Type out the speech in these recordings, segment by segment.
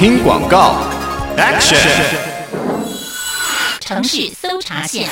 聽廣告，Action！城市搜查線。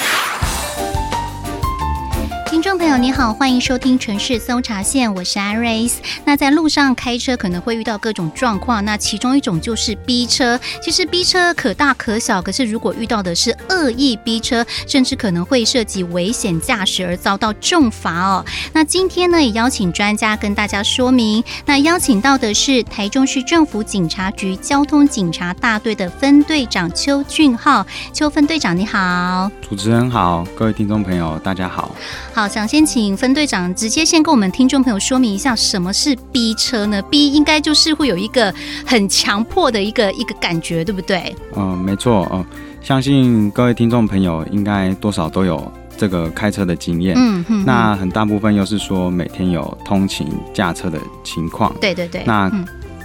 觀眾朋友，你好，歡迎收聽《城市搜查線》，我是 Aris。那在路上開車可能會遇到各種狀況，那其中一種就是逼車。其實逼車可大可小，可是如果遇到的是惡意逼車，甚至可能會涉及危險駕駛而遭到重罰哦。那今天呢，也邀請專家跟大家說明。那邀請到的是台中市政府警察局交通警察大隊的分隊長邱俊浩。邱分隊長，你好。主持人好，各位聽眾朋友，大家好。好。想先請分隊長直接先跟我們聽眾朋友說明一下，什麼是逼車呢？逼應該就是會有一個很強迫的一個一個感覺，對不對？嗯，沒錯哦，嗯。相信各位聽眾朋友應該多少都有這個開車的經驗。嗯哼。嗯，那很大部分又是說每天有通勤駕車的情況。對對對。那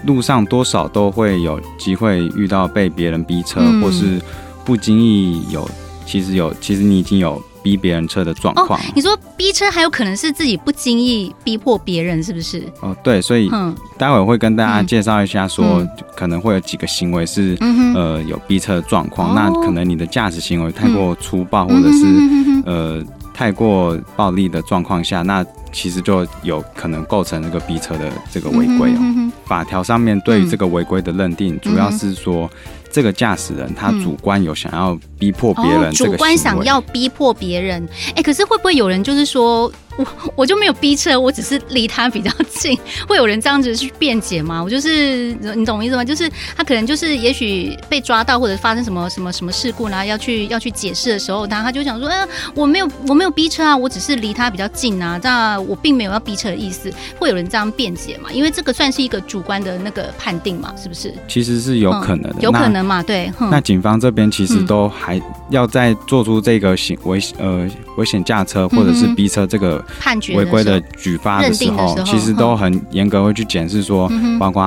路上多少都會有機會遇到被別人逼車，嗯，或是不經意有，其實有，其實你已經有。逼別人車的狀況、哦、你說逼車還有可能是自己不經意逼迫別人，是不是？哦，對，所以待會會跟大家介紹一下說，說、嗯嗯、可能會有幾個行為是、嗯、呃有逼車的狀況、哦，那可能你的駕駛行為太過粗暴，或者是、嗯、呃太過暴力的狀況下、嗯哼哼哼，那其實就有可能構成這個逼車的這個違規哦。嗯、哼哼哼法條上面對於這個違規的認定、嗯，主要是說。這個駕駛人，他主觀有想要逼迫別人這個、嗯哦，主觀想要逼迫別人。哎、欸，可是會不會有人就是說？我我就沒有逼車，我只是離他比較近，會有人這樣子去辯解嗎？我就是你懂我意思嗎？就是他可能就是也許被抓到或者發生什麼什麼什麼事故然後，要去要去解釋的時候，他他就想說：“哎、呃，我沒有我沒有逼車啊，我只是離他比較近啊，但我並沒有要逼車的意思。”會有人這樣辯解嗎？因為這個算是一個主觀的那個判定嘛，是不是？其實是有可能的，的、嗯，有可能嘛？對，那警方這邊其實都還要再做出這個行為、嗯，呃。危險駕車或者是逼車這個違規的舉發的時候，其實都很嚴格，會去檢視說，包括。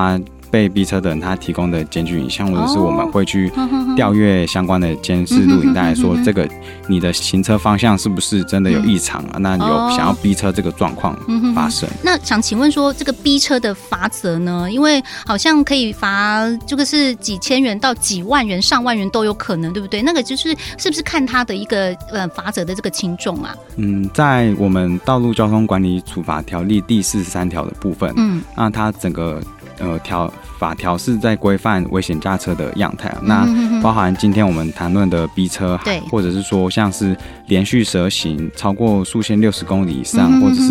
被逼車的人，他提供的檢舉影像，或者是我們會去調閱相關的監視錄影帶，說這個你的行車方向是不是真的有異常啊？那你有想要逼車這個狀況發生？那想請問說，這個逼車的罰則呢？因為好像可以罰這個是幾千元到幾萬元、上萬元都有可能，對不對？那個就是是不是看他的一個呃罰則的這個輕重啊？嗯，在我們《道路交通管理處罰條例》第四十三條的部分，嗯，那它整個。呃，條法條是在規範危險駕車的樣態，嗯，那包含今天我們談論的逼車，對，或者是說像是連續蛇行超過速限，六十公里以上，嗯、哼哼或者是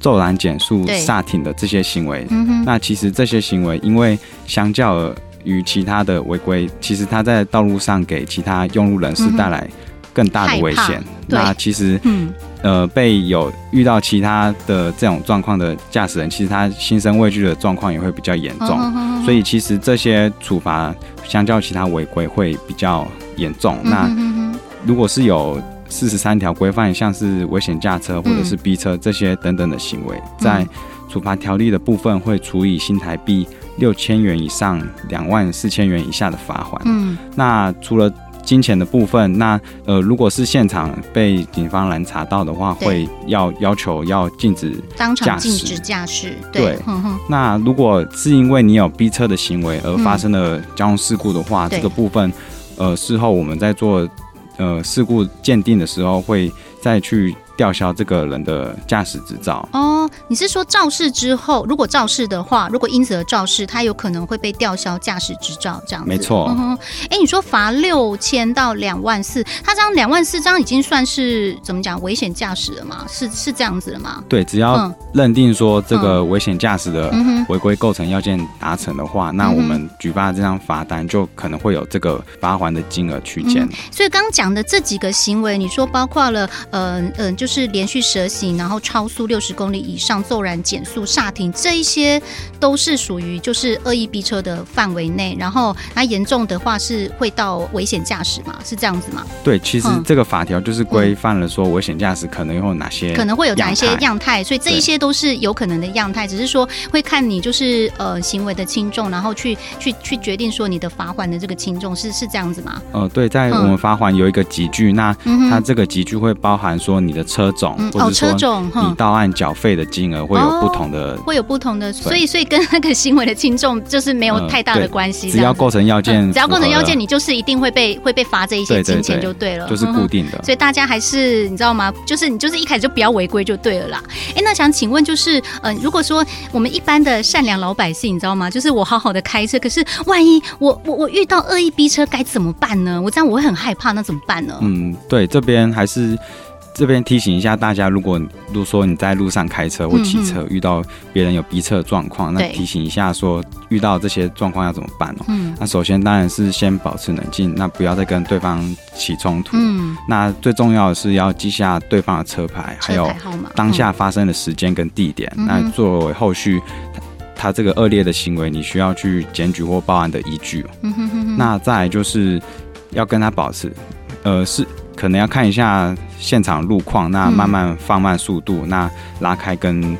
驟然減速煞停的這些行為。那其實這些行為，因為相較於其他的違規，其實它在道路上給其他用路人士帶來更大的危險。那其實，嗯。呃，被有遇到其他的這種狀況的駕駛人，其實他心生畏懼的狀況也會比較嚴重，好好好，所以其實這些處罰相較其他違規會比較嚴重、嗯哼哼。那如果是有四十三條規範，像是危險駕車或者是逼車這些等等的行為，嗯、在處罰條例的部分會處以新台幣六千元以上兩萬四千元以下的罰款、嗯。那除了。金錢的部分，那呃，如果是現場被警方攔查到的話，會要要求要禁止當場禁止駕駛。對,對、嗯，那如果是因為你有逼車的行為而發生了交通事故的話、嗯，這個部分，呃，事後我們在做呃事故鑑定的時候會再去。吊銷這個人的駕駛執照哦。你是說肇事之後，如果肇事的話，如果因此而肇事，他有可能會被吊銷駕駛執照，這樣子。沒錯。哎、嗯欸，你說罰六千到兩萬四，他這張兩萬四張已經算是怎麼講危險駕駛了嗎？是是這樣子的嗎？對，只要認定說這個危險駕駛的違規構成要件達成的話、嗯，那我們舉發這張罰單就可能會有這個罰款的金額區間。所以剛剛講的這幾個行為，你說包括了，嗯、呃、嗯，就、呃。就是連續蛇行，然後超速六十公里以上，驟然減速煞停，這一些都是屬於就是惡意逼車的範圍內。然後它嚴重的話是會到危險駕駛嘛？是這樣子嗎？對，其實這個法條就是規範了說危險駕駛可能有哪些、嗯嗯，可能會有哪一些樣態，所以這一些都是有可能的樣態，只是說會看你就是呃行為的輕重，然後去去去決定說你的罰鍰的這個輕重，是是這樣子嗎？哦、呃，對，在我們罰鍰有一個級距、嗯，那它這個級距會包含說你的。車種哦，車種哈，你到案繳費的金額會有不同的、哦，會有不同的，所以所以跟那個行為的輕重就是沒有太大的關係、嗯。只要構成要件，只要構成要件，你就是一定會被會被罰這一些金錢就對了，對對對對，就是固定的、嗯。所以大家還是你知道嗎？就是你就是一開始就不要違規就對了啦。哎、欸，那想請問就是，嗯、呃，如果說我們一般的善良老百姓，你知道嗎？就是我好好的開車，可是萬一我我我遇到惡意逼車該怎麼辦呢？我這樣我會很害怕，那怎麼辦呢？嗯，對，這邊還是。這邊提醒一下大家，如果如果說你在路上開車或騎車，遇到別人有逼車的狀況、嗯，那提醒一下，說遇到這些狀況要怎麼辦哦、嗯？那首先當然是先保持冷靜，那不要再跟對方起衝突。嗯，那最重要的是要記下對方的車牌，車牌號碼還有當下發生的時間跟地點，嗯、那作為後續他這個惡劣的行為，你需要去檢舉或報案的依據。嗯、哼哼哼。那再來就是要跟他保持，呃，是。可能要看一下現場路況，那慢慢放慢速度、嗯，那拉開跟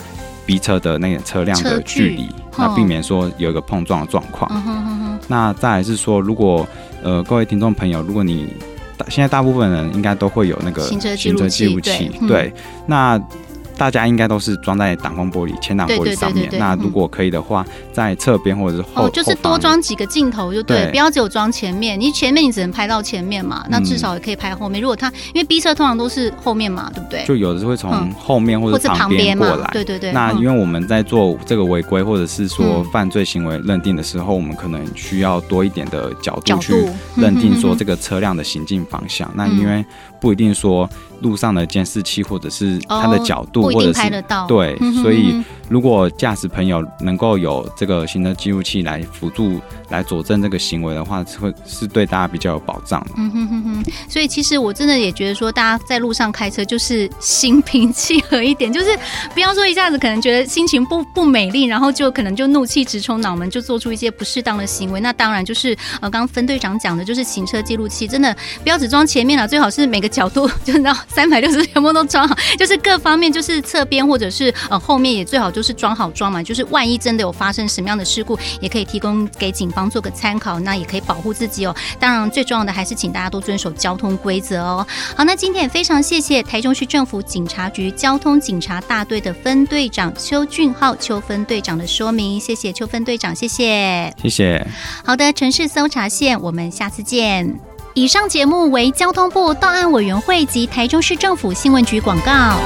逼車的那個車輛的距離，那避免說有一個碰撞的狀況、嗯。那再來是說，如果呃各位聽眾朋友，如果你現在大部分人應該都會有那個行車記錄器，對，嗯、對那。大家應該都是裝在擋風玻璃，前擋玻璃上面對對對對對。那如果可以的話，嗯、在側邊或者是後，哦、就是多裝幾個鏡頭就對，對，不要只有裝前面。你前面你只能拍到前面嘛，嗯、那至少也可以拍後面。如果它因為逼車，通常都是後面嘛，對不對？就有的是會從後面或者是旁邊過來、嗯嘛。對對對。那因為我們在做這個違規、嗯、或者是說犯罪行為認定的時候、嗯，我們可能需要多一點的角度去認定說這個車輛的行進方向嗯哼嗯哼。那因為不一定說。路上的監視器，或者是它的角度、哦，或者是拍得到。對，所以如果駕駛朋友能夠有這個行車記錄器來輔助、來佐證這個行為的話，會是對大家比較有保障的。嗯哼哼哼。所以其實我真的也覺得說，大家在路上開車就是心平氣和一點，就是不要說一下子可能覺得心情不不美麗，然後就可能就怒氣直衝腦門，就做出一些不適當的行為。那當然就是呃，剛分隊長講的，就是行車記錄器真的不要只裝前面了，最好是每個角度就那。三百六十，全部都裝好，就是各方面，就是側邊或者是呃後面也最好就是裝好裝嘛，就是萬一真的有發生什麼樣的事故，也可以提供給警方做個參考，那也可以保護自己哦。當然最重要的還是請大家都遵守交通規則哦。好，那今天也非常謝謝台中市政府警察局交通警察大隊的分隊長邱俊浩邱分隊長的說明，謝謝邱分隊長，謝謝，謝謝。好的，城市搜查線，我們下次見。以上節目為交通部道安委員會及台中市政府新聞局廣告。